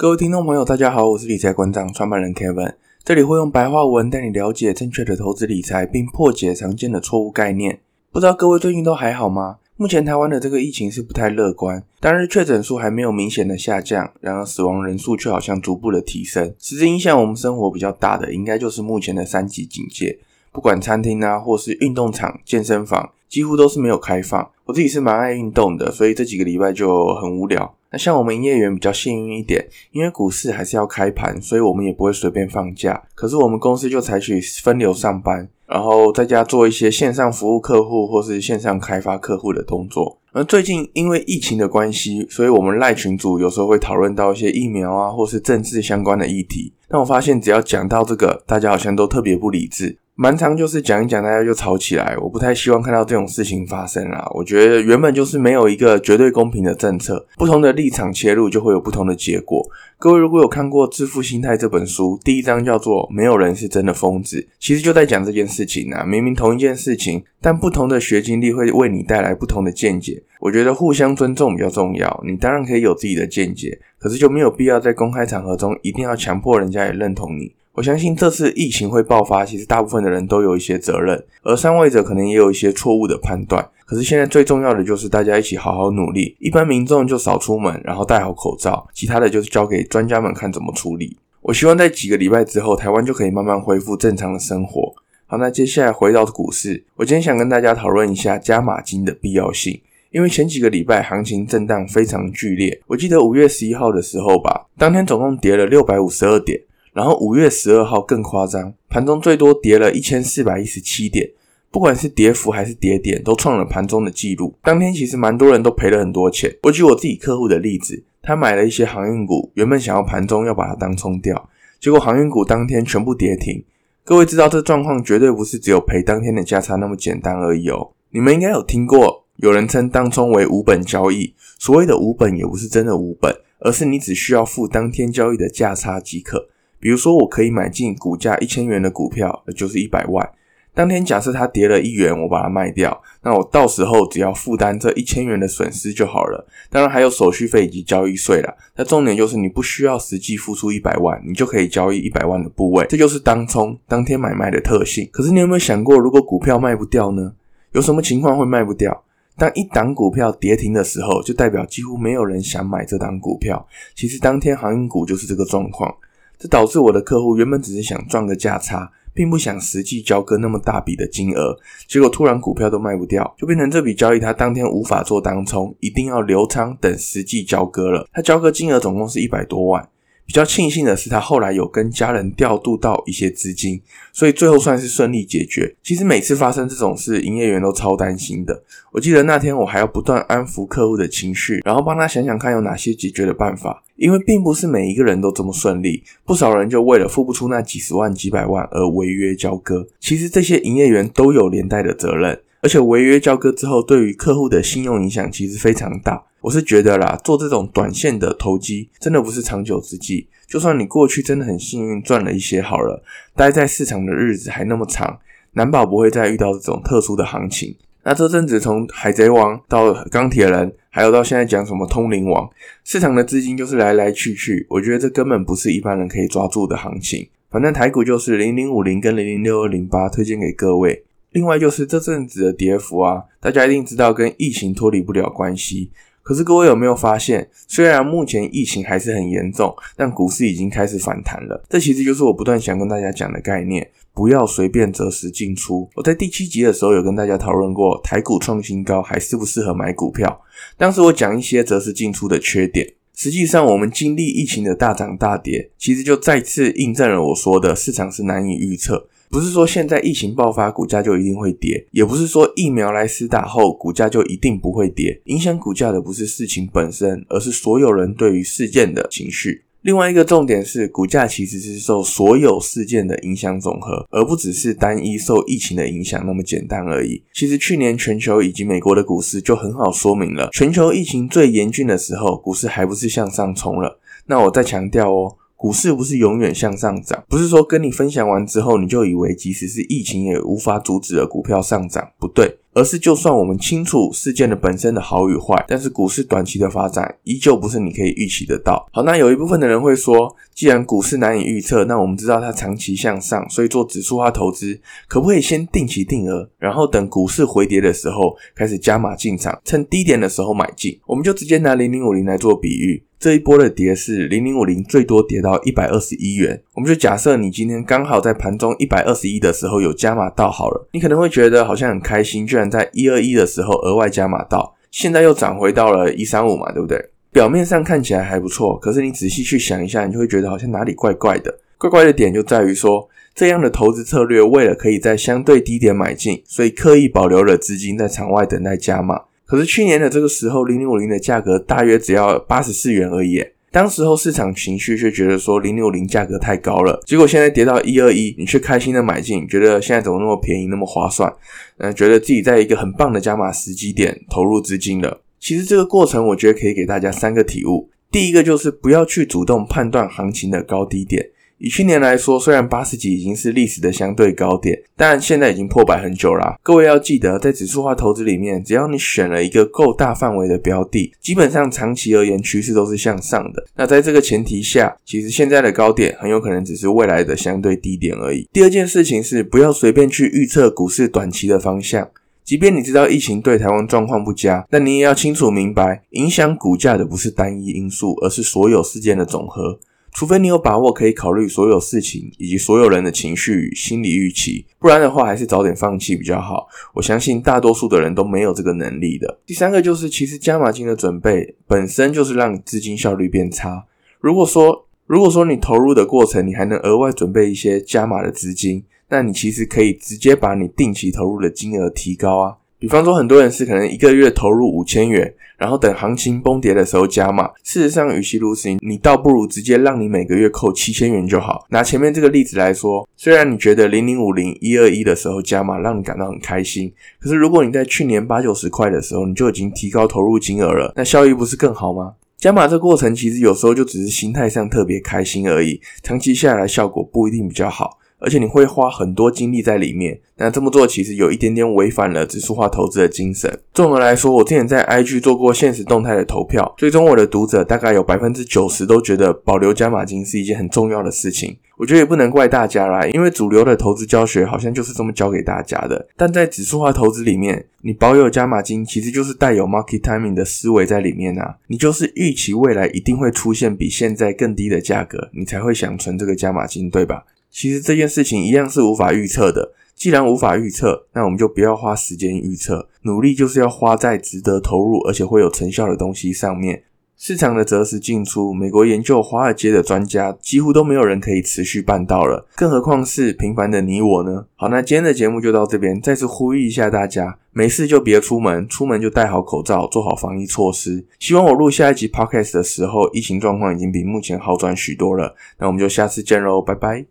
各位聽眾朋友，大家好，我是理財館長創辦人 Kevin，這裡會用白話文帶你了解正確的投資理財，並破解常見的錯誤概念。不知道各位最近都還好嗎？目前台灣的這個疫情是不太樂觀，當日確診數還沒有明顯的下降，然而死亡人數卻好像逐步的提升。實際影響我們生活比較大的，應該就是目前的三級警戒。不管餐廳啊，或是運動場、健身房，幾乎都是沒有開放。我自己是蠻愛運動的，所以這幾個禮拜就很無聊。那像我們營業員比較幸運一點，因為股市還是要開盤，所以我們也不會隨便放假。可是我們公司就採取分流上班，然後在家做一些線上服務客戶或是線上開發客戶的動作。而最近因為疫情的關係，所以我們 LINE 群組有時候會討論到一些疫苗啊或是政治相關的議題。但我發現只要講到這個，大家好像都特別不理智。蠻長，就是講一講，大家就吵起來。我不太希望看到這種事情發生啦。我覺得原本就是沒有一個絕對公平的政策，不同的立場切入就會有不同的結果。各位如果有看過《致富心態》這本書，第一章叫做“沒有人是真的瘋子”，其實就在講這件事情啊。明明同一件事情，但不同的學經歷會為你帶來不同的見解。我覺得互相尊重比較重要。你當然可以有自己的見解，可是就沒有必要在公開場合中一定要強迫人家也認同你。我相信這次疫情會爆發，其實大部分的人都有一些責任，而上位者可能也有一些錯誤的判斷。可是現在最重要的就是大家一起好好努力，一般民眾就少出門，然後戴好口罩，其他的就是交給專家們看怎麼處理。我希望在幾個禮拜之後，台灣就可以慢慢恢復正常的生活。好，那接下來回到股市，我今天想跟大家討論一下加碼金的必要性，因為前幾個禮拜行情震盪非常劇烈，我記得五月十一號的時候吧，當天總共跌了六百五十二點。然後五月十二號更誇張，盤中最多跌了一千四百一十七點，不管是跌幅還是跌點，都創了盤中的記錄。當天其實蠻多人都賠了很多錢。我舉我自己客戶的例子，他買了一些航運股，原本想要盤中要把它當沖掉，結果航運股當天全部跌停。各位知道這狀況絕對不是只有賠當天的價差那麼簡單而已哦。你們應該有聽過，有人稱當沖為無本交易，所謂的無本也不是真的無本，而是你只需要付當天交易的價差即可。比如說，我可以買進股價一千元的股票，也就是一百萬。當天假設它跌了一元，我把它賣掉，那我到時候只要負擔這一千元的損失就好了。當然還有手續費以及交易稅啦。那重點就是你不需要實際付出一百萬，你就可以交易一百萬的部位，這就是當沖當天買賣的特性。可是你有沒有想過，如果股票賣不掉呢？有什麼情況會賣不掉？當一檔股票跌停的時候，就代表幾乎沒有人想買這檔股票。其實當天航運股就是這個狀況。這導致我的客戶原本只是想賺個價差，並不想實際交割那麼大筆的金額，結果突然股票都賣不掉，就變成這筆交易他當天無法做當沖，一定要留倉等實際交割了。他交割金額總共是一百多萬。比較慶幸的是，他後來有跟家人調度到一些資金，所以最後算是順利解決。其實每次發生這種事，營業員都超擔心的。我記得那天我還要不斷安撫客戶的情緒，然後幫他想想看有哪些解決的辦法。因為並不是每一個人都這麼順利，不少人就為了付不出那幾十萬、幾百萬而違約交割。其實這些營業員都有連帶的責任，而且違約交割之後，對於客戶的信用影響其實非常大。我是覺得啦，做這種短線的投機真的不是長久之計。就算你過去真的很幸運賺了一些好了，待在市場的日子還那麼長，難保不會再遇到這種特殊的行情。那這陣子從海賊王到鋼鐵人，還有到現在講什麼通靈王，市場的資金就是來來去去。我覺得這根本不是一般人可以抓住的行情。反正台股就是零零五零跟零零六二零八，推薦給各位。另外就是這陣子的跌幅啊，大家一定知道跟疫情脫離不了關係。可是各位有沒有發現，雖然目前疫情還是很嚴重，但股市已經開始反彈了。這其實就是我不斷想跟大家講的概念，不要隨便擇時進出。我在第七集的時候有跟大家討論過，台股創新高還適不適合買股票。當時我講一些擇時進出的缺點。實際上，我們經歷疫情的大漲大跌，其實就再次印證了我說的市場是難以預測。不是說現在疫情爆發，股價就一定會跌，也不是說疫苗來施打後，股價就一定不會跌。影響股價的不是事情本身，而是所有人對於事件的情緒。另外一個重點是，股價其實是受所有事件的影響總和，而不只是單一受疫情的影響那麼簡單而已。其實去年全球以及美國的股市就很好說明了，全球疫情最嚴峻的時候，股市還不是向上衝了。那我再強調哦。股市不是永遠向上漲，不是說跟你分享完之後，你就以為即使是疫情也無法阻止了股票上漲，不對，而是就算我們清楚事件的本身的好與壞，但是股市短期的發展依舊不是你可以預期得到。好，那有一部分的人會說，既然股市難以預測，那我們知道它長期向上，所以做指數化投資，可不可以先定期定額，然後等股市回跌的時候開始加碼進場，趁低點的時候買進？我們就直接拿零零五零來做比喻。這一波的跌是零零五零最多跌到一百二十一元，我們就假設你今天剛好在盤中一百二十一的時候有加碼到好了，你可能會覺得好像很開心，居然在一二一的時候額外加碼到，現在又漲回到了一三五嘛，對不對？表面上看起來還不錯，可是你仔細去想一下，你就會覺得好像哪裡怪怪的。怪怪的點就在於說，這樣的投資策略為了可以在相對低點買進，所以刻意保留了資金在場外等待加碼。可是去年的這個時候，0050的價格大約只要八十四元而已。當時候市場情緒卻覺得說0050價格太高了，結果現在跌到一二一，你卻開心的買進，覺得現在怎麼那麼便宜，那麼划算？嗯，覺得自己在一個很棒的加碼時機點投入資金了。其實這個過程，我覺得可以給大家三個體悟。第一個就是不要去主動判斷行情的高低點。以去年來說，雖然八十幾已經是歷史的相對高點，但現在已經破百很久啦啊。各位要記得，在指數化投資裡面，只要你選了一個夠大範圍的標的，基本上長期而言趨勢都是向上的。那在這個前提下，其實現在的高點很有可能只是未來的相對低點而已。第二件事情是，不要隨便去預測股市短期的方向。即便你知道疫情對台灣狀況不佳，但你也要清楚明白，影響股價的不是單一因素，而是所有事件的總和。除非你有把握可以考慮所有事情以及所有人的情緒與心理預期，不然的話還是早點放棄比較好。我相信大多數的人都沒有這個能力的。第三個就是，其實加碼金的準備本身就是讓你資金效率變差。如果說，如果說你投入的過程，你還能額外準備一些加碼的資金，那你其實可以直接把你定期投入的金額提高啊。比方說，很多人是可能一個月投入五千元，然後等行情崩跌的時候加碼。事實上，與其如此，你倒不如直接讓你每個月扣七千元就好。拿前面這個例子來說，雖然你覺得零零五零一二一的時候加碼讓你感到很開心，可是如果你在去年八九十塊的時候你就已經提高投入金額了，那效益不是更好嗎？加碼這過程其實有時候就只是心態上特別開心而已，長期下來效果不一定比較好。而且你會花很多精力在裡面，那這麼做其實有一點點違反了指數化投資的精神。總的來說，我之前在 IG 做過限時動態的投票，最終我的讀者大概有百分之九十都覺得保留加碼金是一件很重要的事情。我覺得也不能怪大家啦，因為主流的投資教學好像就是這麼教給大家的。但在指數化投資裡面，你保有加碼金其實就是帶有 market timing 的思維在裡面啊，你就是預期未來一定會出現比現在更低的價格，你才會想存這個加碼金，對吧？其實這件事情一樣是無法預測的。既然無法預測，那我們就不要花時間預測。努力就是要花在值得投入而且會有成效的東西上面。市場的擇時進出，美國研究華爾街的專家幾乎都沒有人可以持續辦到了，更何況是平凡的你我呢？好，那今天的節目就到這邊。再次呼籲一下大家，沒事就別出門，出門就戴好口罩，做好防疫措施。希望我錄下一集 podcast 的時候，疫情狀況已經比目前好轉許多了。那我們就下次見嘍，拜拜。